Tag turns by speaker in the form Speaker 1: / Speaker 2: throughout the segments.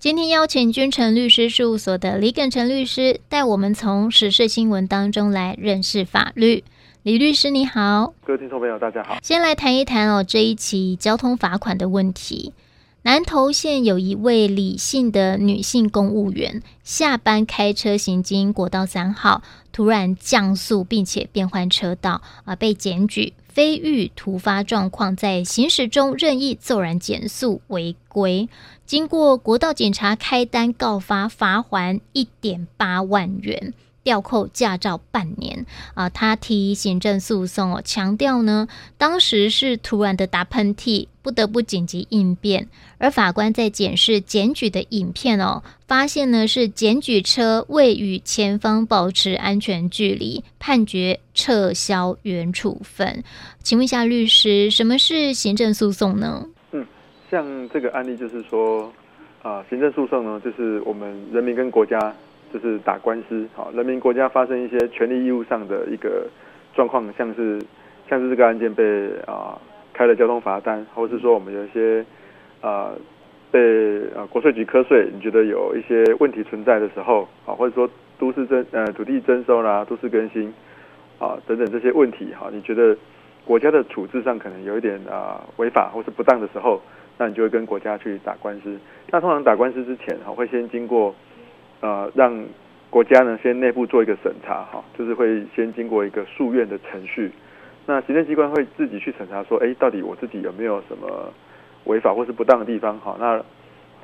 Speaker 1: 今天邀請君誠律師事務所的李耿誠律師帶我們從時事新聞當中來認識法律。李律師你好，各
Speaker 2: 位聽眾朋友大家好，先
Speaker 1: 來談一談哦，這一起交通罰款的問題。南投縣有一位李姓的女性公務員下班開車行經國道三號，突然降速並且變換車道，而、呃、被檢舉。非遇突發狀況，在行駛中任意驟然減速，違規，經過國道警察開單告發，罰鍰一點八萬元。吊扣駕照半年啊、呃，他提行政訴訟哦，強調呢，當時是突然的打噴嚏，不得不緊急應變。而法官在檢視檢舉的影片哦，發現呢是檢舉車未與前方保持安全距離，判決撤銷原處分。請問一下律師，什麼是行政訴訟呢？嗯，
Speaker 2: 像這個案例就是說，啊、呃，行政訴訟呢，就是我們人民跟國家。就是打官司，好，人民國家發生一些權利義務上的一個狀況，像是像是這個案件被啊、呃、開了交通罰單，或是說我們有一些啊、呃、被啊、呃、國稅局課稅，你覺得有一些問題存在的時候，啊、呃，或者說都市徵呃土地徵收啦、都市更新啊、呃、等等這些問題，哈、呃，你覺得國家的處置上可能有一點啊違、呃、法或是不當的時候，那你就會跟國家去打官司。那通常打官司之前，好、呃，會先經過。呃，讓國家呢先內部做一個審查，哈，就是會先經過一個訴願的程序。那行政機關會自己去審查，說，哎、欸，到底我自己有沒有什麼違法或是不當的地方，哈。那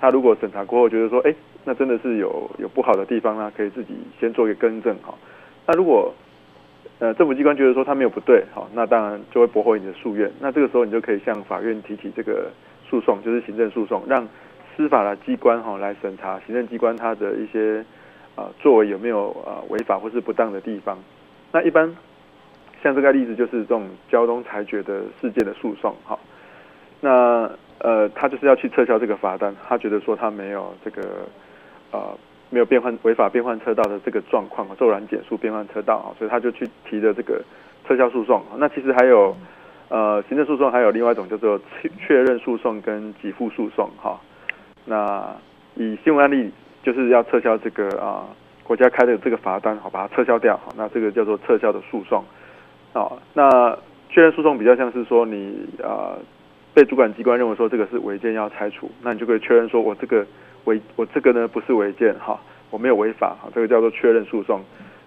Speaker 2: 他如果審查過後覺得說，哎、欸，那真的是有有不好的地方呢，那可以自己先做一個更正，哈。那如果呃政府機關覺得說他沒有不對，哈，那當然就會駁回你的訴願。那這個時候你就可以向法院提起這個訴訟，就是行政訴訟，讓。司法的機關哈來審查行政機關它的一些啊、呃、作為有沒有啊違、呃、法或是不當的地方。那一般像這個例子就是這種交通裁決的事件的訴訟哈。那呃他就是要去撤銷這個罰單，他覺得說他沒有這個啊、呃、沒有變換違法變換車道的這個狀況，驟然減速變換車道啊，所以他就去提的這個撤銷訴訟。那其實還有呃行政訴訟還有另外一種叫做確認訴訟跟給付訴訟哈。那以新聞案例就是要撤銷這個啊、呃，國家開的這個罰單，好，把它撤銷掉。好，那這個叫做撤銷的訴訟啊。那確認訴訟比較像是說你啊、呃，被主管機關認為說這個是違建要拆除，那你就可以確認說我這個違我這個呢不是違建哈，我沒有違法哈，這個叫做確認訴訟。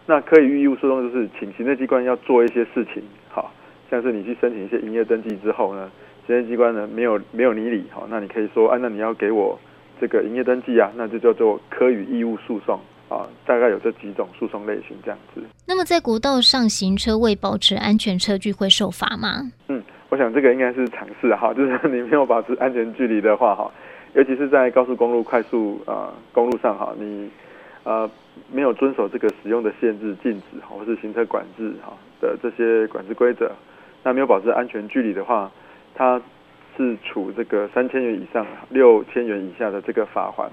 Speaker 2: 那課予義務訴訟就是請行政機關要做一些事情，好，像是你去申請一些營業登記之後呢，行政機關呢沒有沒有你理，理好，那你可以說啊，那你要給我。這個營業登記啊，那就叫做課予義務訴訟啊，大概有這幾種訴訟類型這樣子。
Speaker 1: 那麼在國道上行車未保持安全車距會受罰嗎？
Speaker 2: 嗯，我想這個應該是常識哈、啊，就是你沒有保持安全距離的話哈，尤其是在高速公路快速啊、呃、公路上哈，你呃沒有遵守這個使用的限制、禁止或是行車管制哈的這些管制規則，那沒有保持安全距離的話，它。是處這個三千元以上六千元以下的這個罰款。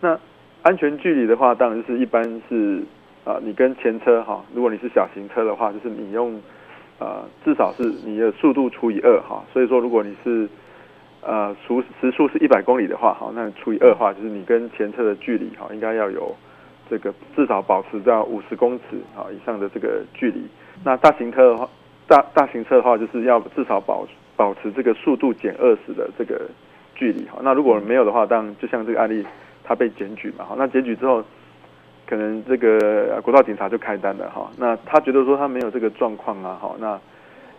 Speaker 2: 那安全距離的話，當然就是一般是啊、呃，你跟前車哈、哦，如果你是小型車的話，就是你用呃至少是你的速度除以二哈、哦。所以說，如果你是呃除時速是一百公里的話哈、哦，那除以二的話就是你跟前車的距離哈、哦，應該要有這個至少保持到五十公尺啊、哦、以上的這個距離。那大型車的話，大大型車的話就是要至少保。保持這個速度減二十的這個距離哈，那如果沒有的話，當然就像這個案例，他被檢舉嘛哈，那檢舉之後，可能這個國道警察就開單了哈，那他覺得說他沒有這個狀況啊哈，那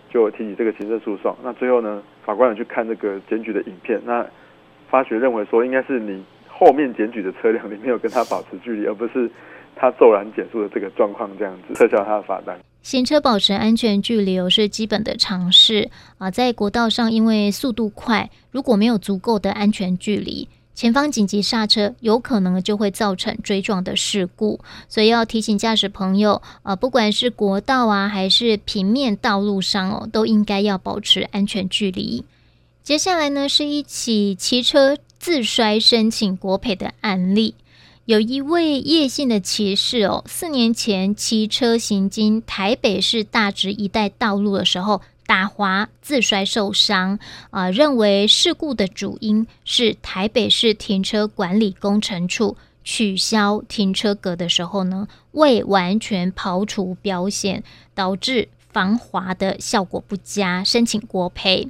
Speaker 2: 就提起這個行政訴訟。那最後呢，法官也去看這個檢舉的影片，那法學認為說，應該是你後面檢舉的車輛你沒有跟他保持距離，而不是他驟然減速的這個狀況這樣子，撤銷他的罰單。
Speaker 1: 行車保持安全距離、哦、是基本的常識啊，在國道上因為速度快，如果沒有足夠的安全距離，前方緊急剎車，有可能就會造成追撞的事故。所以要提醒駕駛朋友啊，不管是國道啊，還是平面道路上哦，都應該要保持安全距離。接下來呢，是一起騎車自摔申請國賠的案例。有一位葉姓的騎士哦，四年前騎車行經台北市大直一帶道路的時候打滑自摔受傷，啊、呃，認為事故的主因是台北市停車管理工程處取消停車格的時候呢，未完全刨除標線，導致防滑的效果不佳，申請國賠。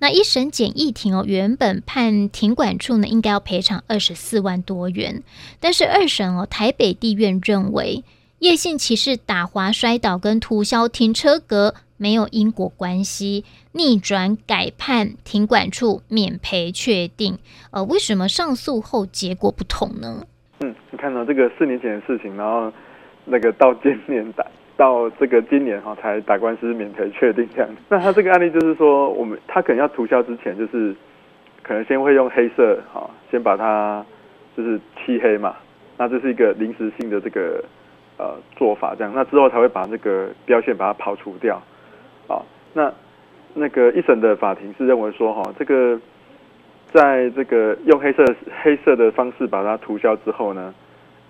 Speaker 1: 那一審簡易庭哦，原本判停管處呢應該要賠償二十四萬多元，但是二審哦，台北地院認為葉姓騎士打滑摔倒跟塗銷停車格沒有因果關係，逆轉改判停管處免賠確定。呃，為什麼上訴後結果不同呢？嗯，
Speaker 2: 你看到、哦、這個四年前的事情，然後那個道歉年代。到這個今年哈才打官司，免賠確定這樣。那他這個案例就是說，我們他可能要塗銷之前，就是可能先會用黑色哈，先把它就是漆黑嘛。那這是一個臨時性的這個呃做法這樣。那之後才會把這個標線把它刨除掉啊。那那個一審的法庭是認為說哈，這個在這個用黑色黑色的方式把它塗銷之後呢，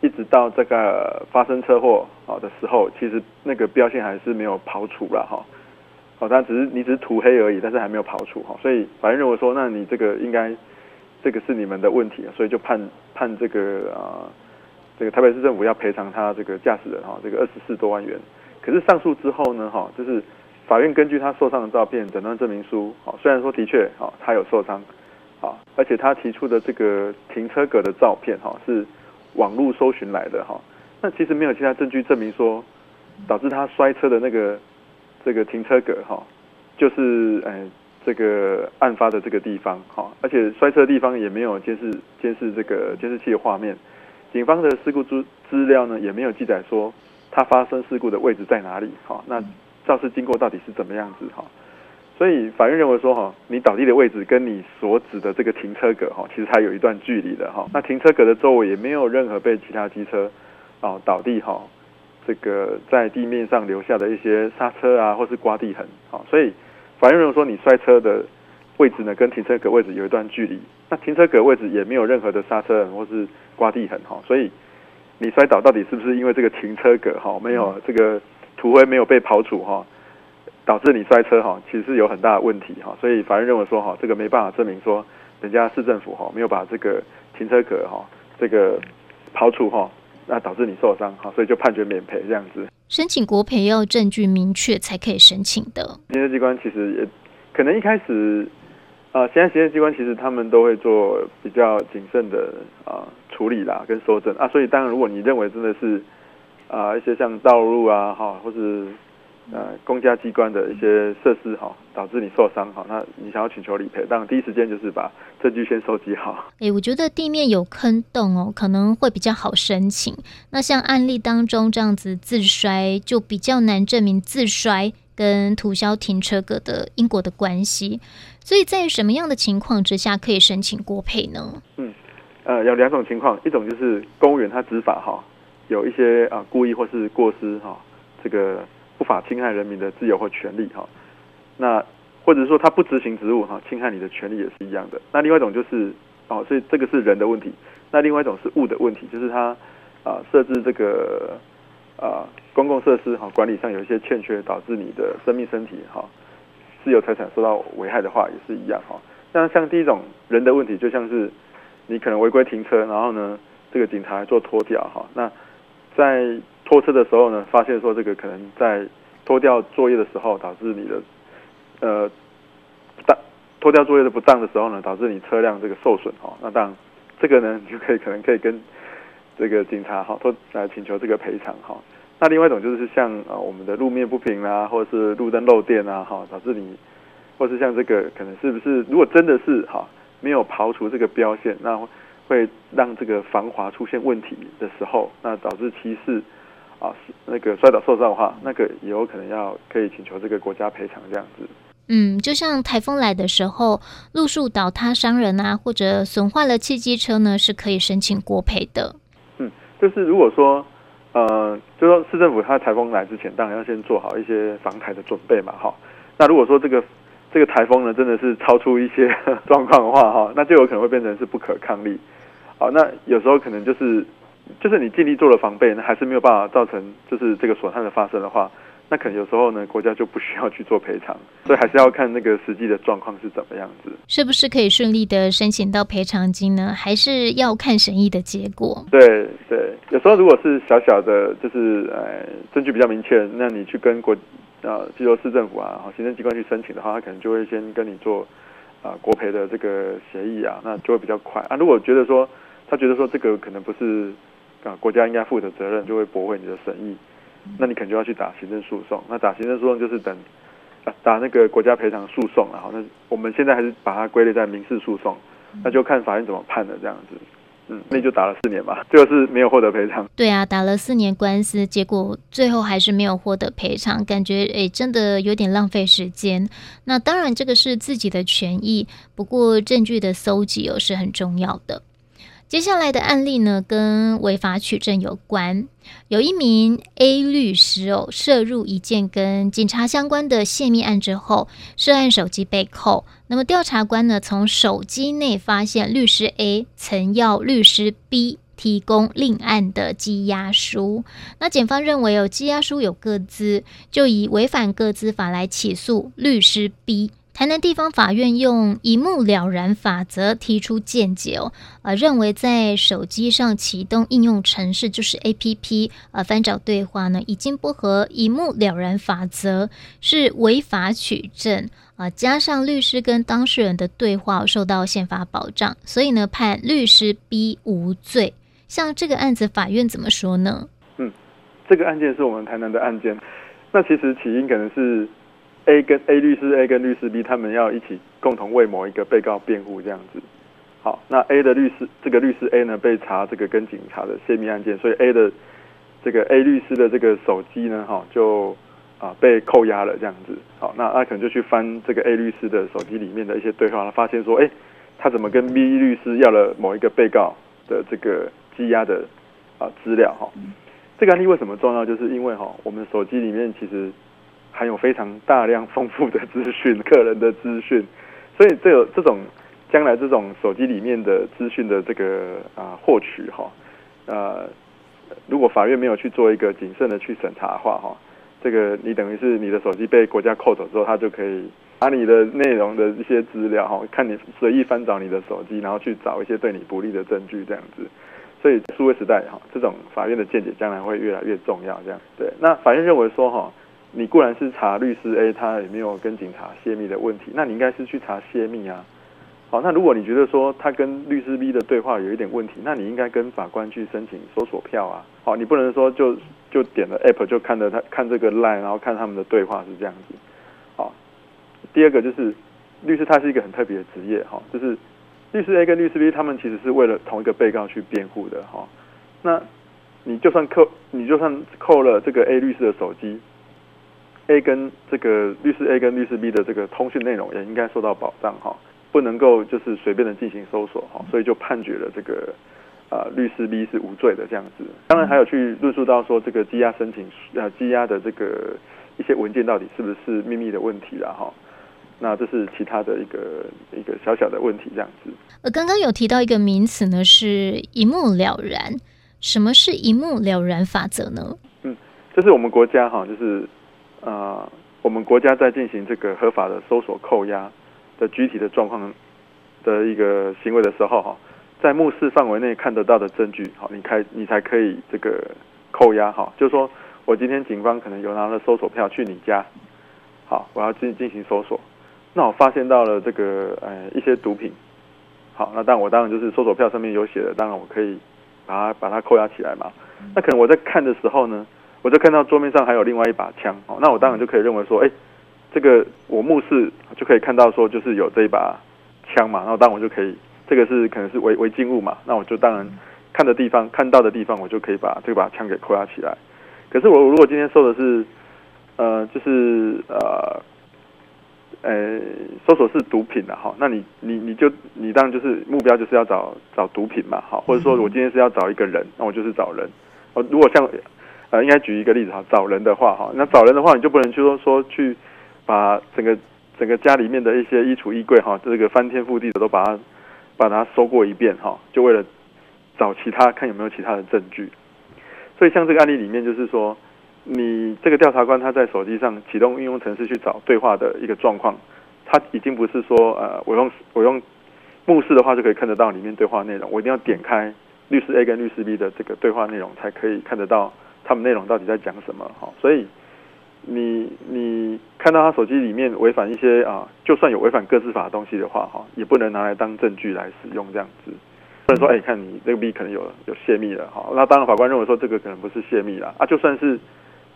Speaker 2: 一直到這個發生車禍哦的時候，其實那個標線還是沒有刨除了哈，好，他只是你只是塗黑而已，但是還沒有刨除哈，所以法院認為說，那你這個應該這個是你們的問題，所以就判判這個啊、呃、這個台北市政府要賠償他這個駕駛人哈這個二十四多萬元。可是上訴之後呢哈，就是法院根據他受傷的照片、診斷證明書，哦，雖然說的確哦他有受傷啊，而且他提出的這個停車格的照片哈是。網路搜尋來的哈，那其實沒有其他證據證明說導致他摔車的那個這個停車格哈，就是哎這個案發的這個地方哈，而且摔車的地方也沒有監視監視這個監視器的畫面，警方的事故資資料呢也沒有記載說他發生事故的位置在哪裡哈，那肇事經過到底是怎麼樣子哈？所以法院認為說哈，你倒地的位置跟你所指的這個停車格哈，其實它有一段距離的哈。那停車格的周圍也沒有任何被其他機車哦倒地哈，這個在地面上留下的一些剎車啊或是刮地痕啊。所以法院認為說，你摔車的位置呢跟停車格位置有一段距離，那停車格位置也沒有任何的剎車痕或是刮地痕哈。所以你摔倒到底是不是因為這個停車格哈沒有這個土灰沒有被刨除哈？導致你摔車哈，其實是有很大的問題哈，所以法院認為說哈，這個沒辦法證明說人家市政府哈沒有把這個停車格哈這個拋出哈，那導致你受傷哈，所以就判決免賠這樣子。
Speaker 1: 申請國賠要證據明確才可以申請的。
Speaker 2: 行政機關其實也可能一開始啊，現在行政機關其實他們都會做比較謹慎的處理啦，跟搜證啊，所以當然如果你認為真的是啊一些像道路、路啊哈，或是。呃，公家機關的一些設施哈，導致你受傷哈、哦，那你想要請求理賠，當然第一時間就是把證據先收集好。哎、
Speaker 1: 欸，我覺得地面有坑洞哦，可能會比較好申請。那像案例當中這樣子自摔，就比較難證明自摔跟塗銷停車格的因果的關係。所以在什麼樣的情況之下可以申請國賠呢？嗯，
Speaker 2: 呃，有兩種情況，一種就是公務員他執法哈、哦，有一些啊、呃、故意或是過失哈、哦，這個。不法侵害人民的自由或權利哈，那或者說他不執行職務哈，侵害你的權利也是一樣的。那另外一種就是哦，所以這個是人的問題。那另外一種是物的問題，就是他啊設置這個啊公共設施哈，管理上有一些欠缺，導致你的生命、身體哈、自由財產，受到危害的話也是一樣哈。那像第一種人的問題，就像是你可能違規停車，然後呢這個警察還做拖吊。哈。那在拖車的時候呢，發現說這個可能在拖吊作業的時候，導致你的呃不當拖吊作業的不當的時候呢，導致你車輛這個受損哦。那當然，這個呢，你就可以可能可以跟這個警察哈、哦、來請求這個賠償哈、哦。那另外一種就是像呃、哦、我們的路面不平啦、啊，或者是路燈漏電啦、啊，哈、哦，導致你，或是像這個可能是不是如果真的是哈、哦、沒有刨除這個標線，那會讓這個防滑出現問題的時候，那導致騎士。啊，那個摔倒受傷的話，那個也有可能要可以請求這個國家賠償這樣子。
Speaker 1: 嗯，就像颱風來的時候，路樹倒塌傷人啊，或者損壞了汽機車呢，是可以申請國賠的。嗯，
Speaker 2: 就是如果說，呃，就說市政府它颱風來之前，當然要先做好一些防颱的準備嘛，哈。那如果說這個這個颱風呢，真的是超出一些狀 況的話，哈，那就有可能會變成是不可抗力。好，那有時候可能就是。就是你盡力做了防備，那還是沒有辦法造成就是這個損害的發生的話，那可能有時候呢，國家就不需要去做賠償，所以還是要看那個實際的狀況是怎麼樣子。
Speaker 1: 是不是可以順利的申請到賠償金呢？還是要看審議的結果。
Speaker 2: 對對，有時候如果是小小的，就是呃證據比較明確，那你去跟國啊，比如說市政府啊，行政機關去申請的話，他可能就會先跟你做啊國賠的這個協議啊，那就會比較快啊。如果覺得說他覺得說這個可能不是，啊，國家應該負的責任就會駁回你的審議，嗯、那你肯定要去打行政訴訟。那打行政訴訟就是等，啊，打那個國家賠償訴訟啊。好，那我們現在還是把它歸類在民事訴訟，嗯、那就看法院怎麼判了。這樣子，嗯，那就打了四年嘛，這個對是沒有獲得賠償。
Speaker 1: 對啊，打了四年官司，結果最後還是沒有獲得賠償，感覺哎、欸，真的有點浪費時間。那當然，這個是自己的權益，不過證據的蒐集哦是很重要的。接下來的案例呢，跟違法取證有關。有一名 A 律師哦，涉入一件跟警察相關的泄密案之後，涉案手機被扣。那麼調查官呢，從手機內發現律師 A 曾要律師 B 提供另案的羈押書。那檢方認為有、哦、羈押書有個資，就以違反個資法來起訴律師 B。台南地方法院用一目了然法則提出見解哦，呃，認為在手機上啟動應用程式就是 APP，呃，翻找對話呢，已經不合一目了然法則，是違法取證啊、呃。加上律師跟當事人的對話、哦、受到憲法保障，所以呢，判律師 B 無罪。像這個案子，法院怎麼說呢？嗯，
Speaker 2: 這個案件是我們台南的案件，那其實起因可能是。A 跟 A 律師，A 跟律師 B，他們要一起共同為某一個被告辯護，這樣子。好，那 A 的律師，這個律師 A 呢，被查這個跟警察的泄密案件，所以 A 的這個 A 律師的這個手機呢，哈，就啊被扣押了，這樣子。好，那他可能就去翻這個 A 律師的手機裡面的一些對話，他發現說，誒，他怎麼跟 B 律師要了某一個被告的這個羈押的啊資料？哈，這個案例為什麼重要？就是因為哈，我們手機裡面其實。含有非常大量豐富的資訊，個人的資訊，所以這有這種將來這種手機裡面的資訊的這個啊、呃、獲取哈，呃，如果法院沒有去做一個謹慎的去審查的話哈，這個你等於是你的手機被國家扣走之後，他就可以把你的內容的一些資料哈，看你隨意翻找你的手機，然後去找一些對你不利的證據這樣子，所以數位時代哈，這種法院的見解將來會越來越重要，這樣對，那法院認為說哈。你固然是查律師 A，他也沒有跟警察洩密的問題，那你應該是去查洩密啊。好、哦，那如果你覺得說他跟律師 B 的對話有一點問題，那你應該跟法官去申請搜索票啊。好、哦，你不能說就就點了 App 就看着他看這個 Line，然後看他們的對話是這樣子。好、哦，第二個就是律師他是一個很特別的職業哈、哦，就是律師 A 跟律師 B 他們其實是為了同一個被告去辯護的哈、哦。那你就算扣你就算扣了這個 A 律師的手機。A 跟這個律師 A 跟律師 B 的這個通訊內容也應該受到保障哈，不能夠就是隨便的進行搜索哈，所以就判決了這個啊、呃、律師 B 是無罪的這樣子。當然還有去論述到說這個羈押申請呃羈押的這個一些文件到底是不是秘密的問題，然後、啊、那這是其他的一個一個小小的問題這樣子。
Speaker 1: 剛剛有提到一個名詞呢，是一目了然。什麼是“一目了然法則”呢？嗯，這是、
Speaker 2: 就是我們國家哈，就是。呃，我們國家在進行這個合法的搜索扣押的具體的狀況的一個行為的時候，哈，在目視範圍內看得到的證據，好，你開你才可以這個扣押，哈，就是說我今天警方可能有拿了搜索票去你家，好，我要進進行搜索，那我發現到了這個呃一些毒品，好，那當然我當然就是搜索票上面有寫的，當然我可以把它把它扣押起來嘛，那可能我在看的時候呢，我就看到桌面上還有另外一把槍，哦，那我當然就可以認為說，哎、欸，這個我目視就可以看到說，就是有這一把槍嘛，那我當然我就可以，這個是可能是違違禁物嘛，那我就當然看的地方、看到的地方，我就可以把這把槍給扣押起來。可是我如果今天搜的是，呃，就是呃、欸，搜索是毒品的哈，那你你你就你當然就是目標就是要找找毒品嘛，好，或者說我今天是要找一個人，那我就是找人，哦，如果像。呃，應該舉一個例子哈，找人的話哈，那找人的話，你就不能去說說去把整個整個家裡面的一些衣櫥、衣櫃哈，這個翻天覆地的都把它把它搜過一遍哈，就為了找其他看有沒有其他的證據。所以像這個案例裡面，就是說你這個調查官他在手機上啟動應用程式去找對話的一個狀況，他已經不是說呃，我用我用目視的話就可以看得到裡面對話內容，我一定要點開律師 A 跟律師 B 的這個對話內容才可以看得到。他們內容到底在講什麼？所以你你看到他手機裡面違反一些啊，就算有違反個資法的東西的話，哈，也不能拿來當證據來使用這樣子。或、就、者、是、說，哎、欸，看你這個 B 可能有有洩密了，哈。那當然，法官認為說這個可能不是洩密了啊。就算是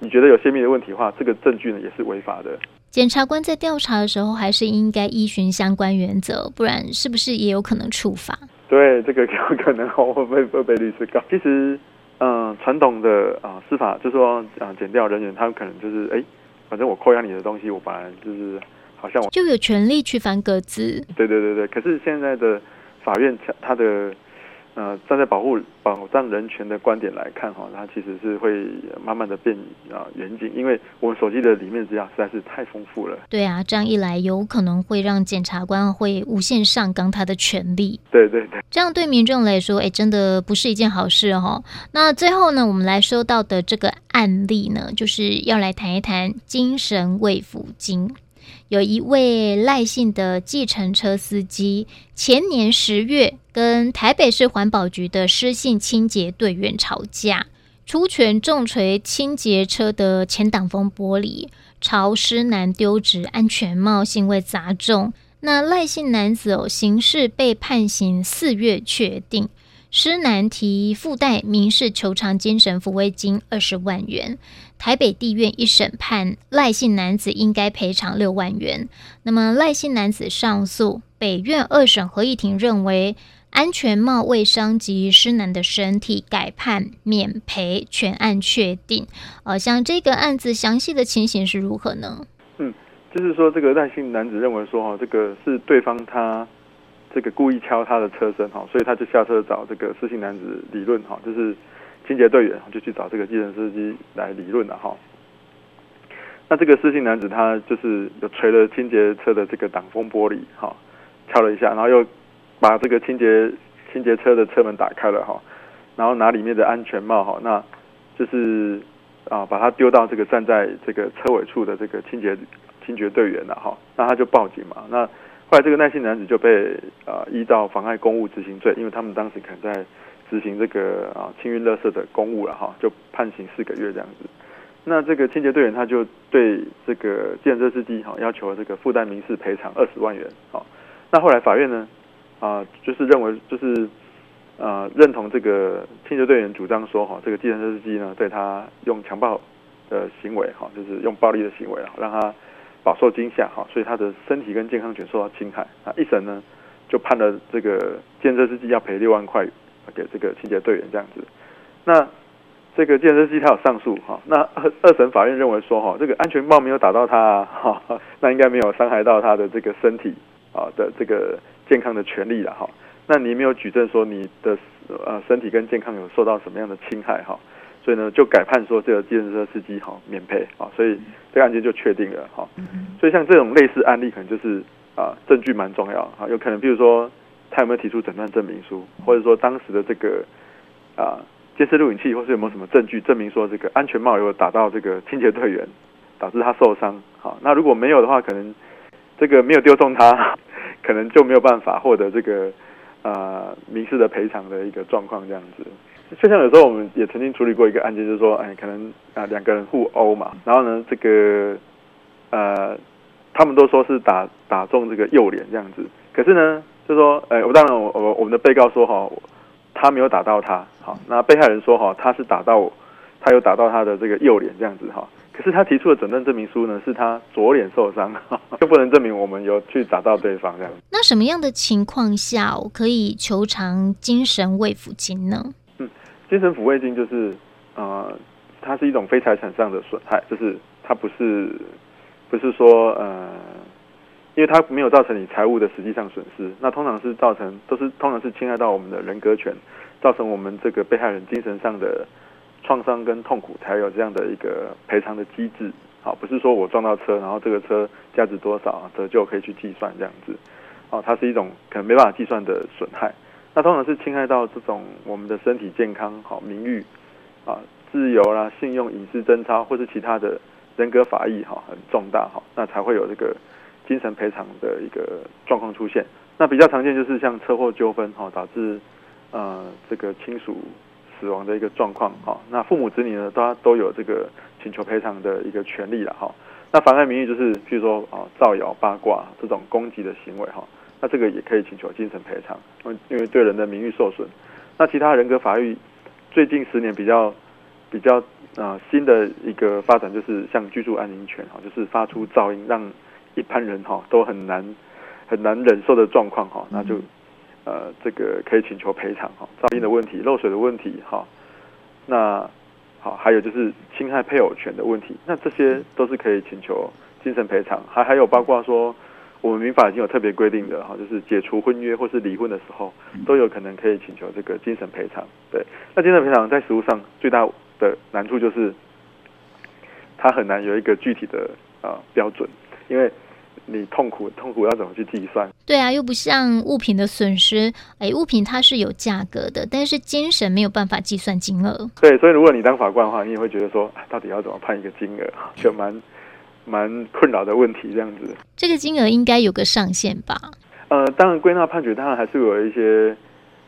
Speaker 2: 你覺得有洩密的問題的話，這個證據呢也是違法的。
Speaker 1: 檢察官在調查的時候，還是應該依循相關原則，不然是不是也有可能觸法？
Speaker 2: 對，這個有可能我會被會被律師告。其實。嗯，傳統的啊、呃、司法就是、說啊，檢、呃、調人員，他們可能就是哎、欸，反正我扣押你的東西，我本來就是好像我就
Speaker 1: 有權利去翻格子。
Speaker 2: 對對對對，可是現在的法院他的。呃，站在保護保障人權的觀點來看哈，它其實是會慢慢的變啊嚴謹，因為我們手機的裡面資料實在是太豐富了。
Speaker 1: 對啊，這樣一來有可能會讓檢察官會無限上綱他的權力。
Speaker 2: 對對對，
Speaker 1: 這樣對民眾來說，哎、欸，真的不是一件好事哦。那最後呢，我們來說到的這個案例呢，就是要來談一談精神慰撫金。有一位賴姓的計程車司機，前年十月跟台北市環保局的施姓清潔隊員吵架，出拳重錘清潔車的前擋風玻璃，朝施男丟擲安全帽，幸未砸中。那賴姓男子哦，刑事被判刑四月確定。施男提附帶民事求償精神撫慰金二十萬元，台北地院一審判賴姓男子應該賠償六萬元。那麼賴姓男子上訴，北院二審合議庭認為安全帽未傷及施男的身體，改判免賠，全案確定。呃、啊，像這個案子詳細的情形是如何呢？嗯，
Speaker 2: 就是說這個賴姓男子認為說，哦，這個是對方他。這個故意敲他的車身哈，所以他就下車找這個施姓男子理論哈，就是清潔隊員就去找這個計程司機來理論了哈。那這個施姓男子他就是有捶了清潔車的這個擋風玻璃哈，敲了一下，然後又把這個清潔清潔車的車門打開了哈，然後拿裡面的安全帽哈，那就是啊把他丟到這個站在這個車尾處的這個清潔清潔隊員了哈，那他就報警嘛那。後來這個耐心男子就被啊、呃、依照妨害公務執行罪，因為他們當時可能在執行這個啊清運垃圾的公務了哈、啊，就判刑四個月這樣子。那這個清潔隊員他就對這個計程車司機哈、啊、要求這個附帶民事賠償二十萬元好、啊。那後來法院呢啊就是認為就是啊認同這個清潔隊員主張說哈、啊、這個計程車司機呢對他用強暴的行為哈、啊、就是用暴力的行為啊讓他。飽受驚嚇哈，所以他的身體跟健康權受到侵害啊。一審呢，就判了這個建設司機要賠六萬塊給這個清潔隊員這樣子。那這個建設司機他有上訴哈。那二二審法院認為說哈，這個安全帽沒有打到他哈，那應該沒有傷害到他的這個身體啊的這個健康的權利了哈。那你沒有舉證說你的呃身體跟健康有受到什麼樣的侵害哈？所以呢，就改判說這個機動車司機哈，免賠啊，所以這個案件就確定了哈。所以像這種類似案例，可能就是啊證據蠻重要，有可能譬如說他有沒有提出診斷證明書，或者說當時的這個啊監視錄影器，或是有沒有什麼證據證明說這個安全帽有打到這個清潔隊員，導致他受傷。好，那如果沒有的話，可能這個沒有丟中他，可能就沒有辦法獲得這個呃民事的賠償的一個狀況這樣子。就像有時候我們也曾經處理過一個案件，就是說，哎、欸，可能啊呃，兩個人互毆嘛，然後呢，這個，呃，他們都說是打打中這個右臉這樣子，可是呢，就說，哎、欸，我當然我我們的被告說哈、哦，他沒有打到他，好，那被害人說哈、哦，他是打到，他有打到他的這個右臉這樣子哈，可是他提出的診斷證明書呢，是他左臉受傷，就不能證明我們有去打到對方這樣。
Speaker 1: 那什麼樣的情況下我可以求償精神慰撫金呢？
Speaker 2: 精神撫慰金就是，呃，它是一種非財產上的損害，就是它不是，不是說呃，因為它沒有造成你財物的實際上損失，那通常是造成都是通常是侵害到我們的人格權，造成我們這個被害人精神上的創傷跟痛苦，才有這樣的一個賠償的機制。好、哦，不是說我撞到車，然後這個車價值多少折舊可以去計算這樣子，哦，它是一種可能沒辦法計算的損害。那通常是侵害到這種我們的身體健康、好名譽、啊自由啦、啊、信用、隱私、貞操或是其他的人格法益，哈、啊，很重大，哈、啊，那才會有這個精神賠償的一個狀況出現。那比較常見就是像車禍糾紛，哈、啊，導致呃這個親屬死亡的一個狀況，哈、啊，那父母子女呢，他都有這個請求賠償的一個權利了，哈、啊啊。那妨害名譽就是，譬如說啊，造謠、八卦這種攻擊的行為，哈、啊。那這個也可以請求精神賠償，因為因為對人的名譽受損。那其他人格法益最近十年比較比較啊、呃、新的一個發展就是像居住安寧權哈、哦，就是發出噪音讓一般人哈、哦、都很難很難忍受的狀況哈、哦，那就呃這個可以請求賠償哈、哦，噪音的問題、漏水的問題哈、哦。那好、哦，還有就是侵害配偶權的問題，那這些都是可以請求精神賠償，還還有包括說。我們民法已經有特別規定的哈，就是解除婚約或是離婚的時候，都有可能可以請求這個精神賠償。對，那精神賠償在實務上最大的難處就是，它很難有一個具體的啊標準，因為你痛苦痛苦要怎麼去計算？
Speaker 1: 對啊，又不像物品的損失，哎，物品它是有價格的，但是精神沒有辦法計算金額。
Speaker 2: 對，所以如果你當法官的話，你也會覺得說，哎，到底要怎麼判一個金額，就蠻。蠻困擾的問題，這樣子。
Speaker 1: 這個金額應該有個上限吧？
Speaker 2: 呃，當然歸納判決，當然還是有一些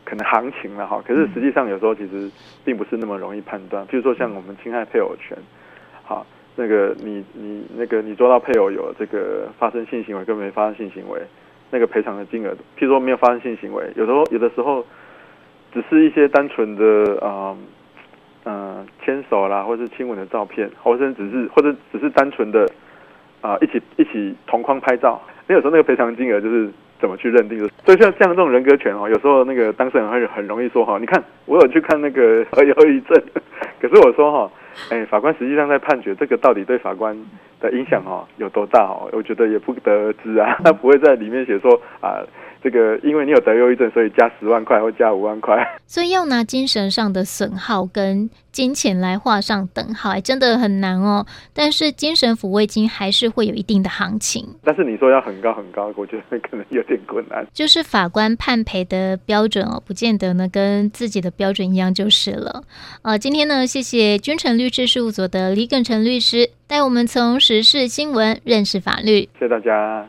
Speaker 2: 可能行情了哈。可是實際上有時候其實並不是那麼容易判斷。嗯、譬如說像我們侵害配偶權，好，那個你你那個你抓到配偶有這個發生性行為跟沒發生性行為，那個賠償的金額，譬如說沒有發生性行為，有時候有的時候只是一些單純的啊嗯、呃呃、牽手啦，或是親吻的照片，或者只是或者只是單純的。啊，一起一起同框拍照，那有時候那個賠償金額就是怎麼去認定的，就是？所以像像這種人格權哦，有時候那個當事人會很容易說哈，你看我有去看那個後遺症，可是我說哈，哎，欸，法官實際上在判決這個到底對法官的影響哦有多大哦？我覺得也不得而知啊，他不會在裡面寫說啊。呃這個，因為你有得憂鬱症，所以加十萬塊或加五萬塊。
Speaker 1: 所以要拿精神上的損耗跟金錢來畫上等號，哎，真的很難哦。但是精神撫慰金還是會有一定的行情。
Speaker 2: 但是你說要很高很高，我覺得可能有點困難。
Speaker 1: 就是法官判賠的標準哦，不見得呢跟自己的標準一樣就是了。呃，今天呢，謝謝君誠律師事務所的李耿誠律師帶我們從時事新聞認識法律。
Speaker 2: 謝謝大家。